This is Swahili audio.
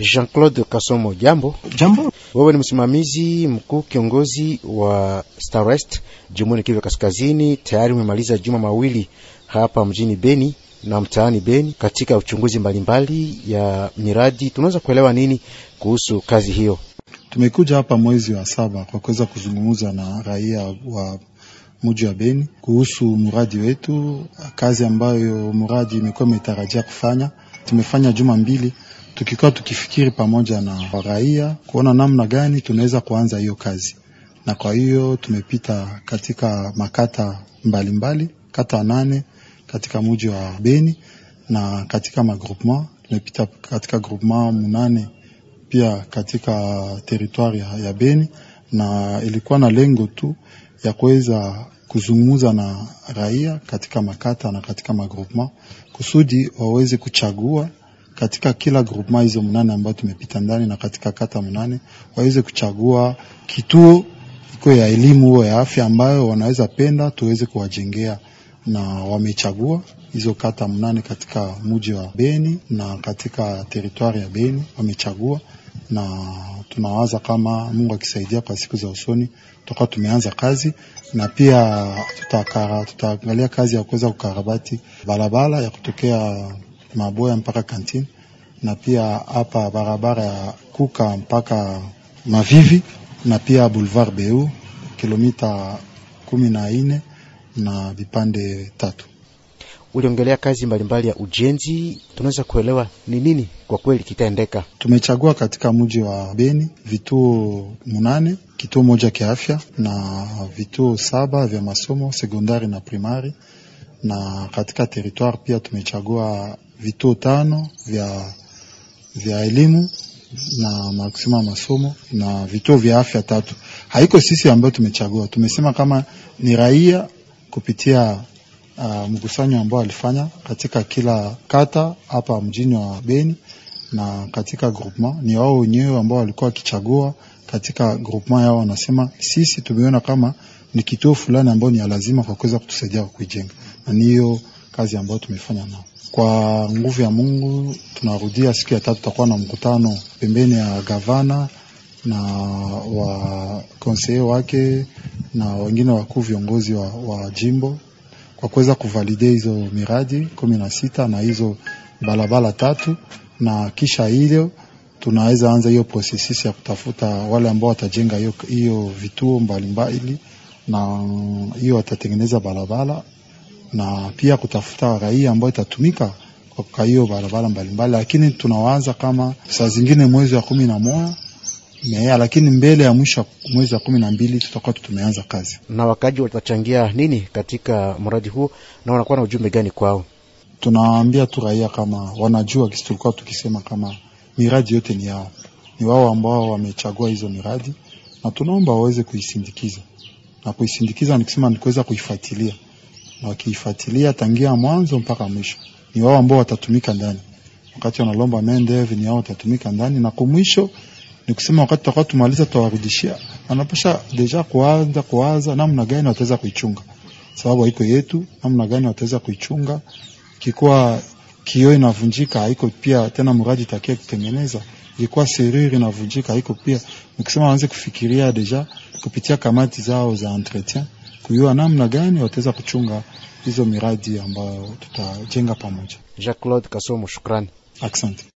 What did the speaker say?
Jean-Claude Kasomo, jambo. Jambo. Wewe ni msimamizi mkuu kiongozi wa West jumuni Kivu Kaskazini, tayari umemaliza juma mawili hapa mjini Beni na mtaani Beni katika uchunguzi mbalimbali ya miradi, tunaweza kuelewa nini kuhusu kazi hiyo? Tumekuja hapa mwezi wa saba kwa kuweza kuzungumza na raia wa mji wa Beni kuhusu mradi wetu, kazi ambayo mradi imekuwa imetarajia kufanya. Tumefanya juma mbili tukikuwa tukifikiri pamoja na raia kuona namna gani tunaweza kuanza hiyo kazi. Na kwa hiyo tumepita katika makata mbalimbali mbali, kata nane katika mji wa Beni na katika magroupement tumepita katika groupement mnane pia katika teritwari ya Beni, na ilikuwa na lengo tu ya kuweza kuzungumza na raia katika makata na katika magroupement kusudi waweze kuchagua katika kila groupement hizo mnane ambayo tumepita ndani na katika kata mnane waweze kuchagua kituo iko ya elimu huo ya afya ambayo wanaweza penda tuweze kuwajengea, na wamechagua hizo kata mnane katika mji wa Beni na katika teritwari ya Beni wamechagua, na tunawaza kama Mungu akisaidia kwa siku za usoni tutakuwa tumeanza kazi, na pia tutaangalia kazi ya kuweza kukarabati barabara ya kutokea Maboya mpaka kantin na pia hapa barabara ya Kuka mpaka Mavivi na pia Boulevard Beu kilomita kumi na nne na vipande tatu. Uliongelea kazi mbalimbali mbali ya ujenzi, tunaweza kuelewa ni nini kwa kweli kitaendeka? Tumechagua katika mji wa Beni vituo munane, kituo moja kia afya na vituo saba vya masomo sekondari na primari, na katika territoire pia tumechagua vituo tano vya vya elimu na maksima masomo na vituo vya afya tatu. Haiko sisi ambayo tumechagua, tumesema kama ni raia kupitia uh, ah, mkusanyo ambao alifanya katika kila kata hapa mjini wa Beni na katika groupement, ni wao wenyewe ambao walikuwa wakichagua katika groupement yao, wanasema sisi tumeona kama ni kituo fulani ambao ni lazima kwa kuweza kutusaidia kuijenga, na ni hiyo kazi ambayo tumefanya nao. Kwa nguvu ya Mungu tunarudia siku ya tatu, tutakuwa na mkutano pembeni ya gavana na wakonseye wake na wengine wakuu viongozi wa, wa jimbo kwa kuweza kuvalide hizo miradi kumi na sita na hizo barabara tatu, na kisha hilo tunaweza anza hiyo processes ya kutafuta wale ambao watajenga hiyo vituo mbalimbali na hiyo watatengeneza barabara na pia kutafuta raia ambayo itatumika kwa hiyo barabara mbalimbali, lakini tunawaza kama saa zingine mwezi wa kumi na moja mea, lakini mbele ya mwisho mwezi wa kumi na mbili tutakuwa tumeanza kazi. Na wakaji watachangia nini katika mradi huu na wanakuwa na ujumbe gani kwao? Tunawaambia tu raia kama wanajua, tulikuwa tukisema kama miradi yote ni yao, ni wao ambao wamechagua hizo miradi, na tunaomba waweze kuisindikiza na kuisindikiza, nikisema nikuweza kuifuatilia na wakiifuatilia tangia mwanzo mpaka mwisho. Ni wao ambao watatumika ndani, wakati wanalomba mendev, ni wao watatumika ndani, na kumwisho ni kusema wakati tutakuwa tumaliza, tutawarudishia. Wanaposha deja kuanza kuwaza namna gani wataweza kuichunga, sababu haiko yetu, namna gani wataweza kuichunga. Kikuwa kioo inavunjika, haiko pia tena mradi takia kutengeneza ilikuwa seruri inavunjika, haiko pia. Nikisema waanze kufikiria deja kupitia kamati zao za entretien kujua namna gani wataweza kuchunga hizo miradi ambayo tutajenga pamoja. Jacques Claude Kasomo, shukrani, asante.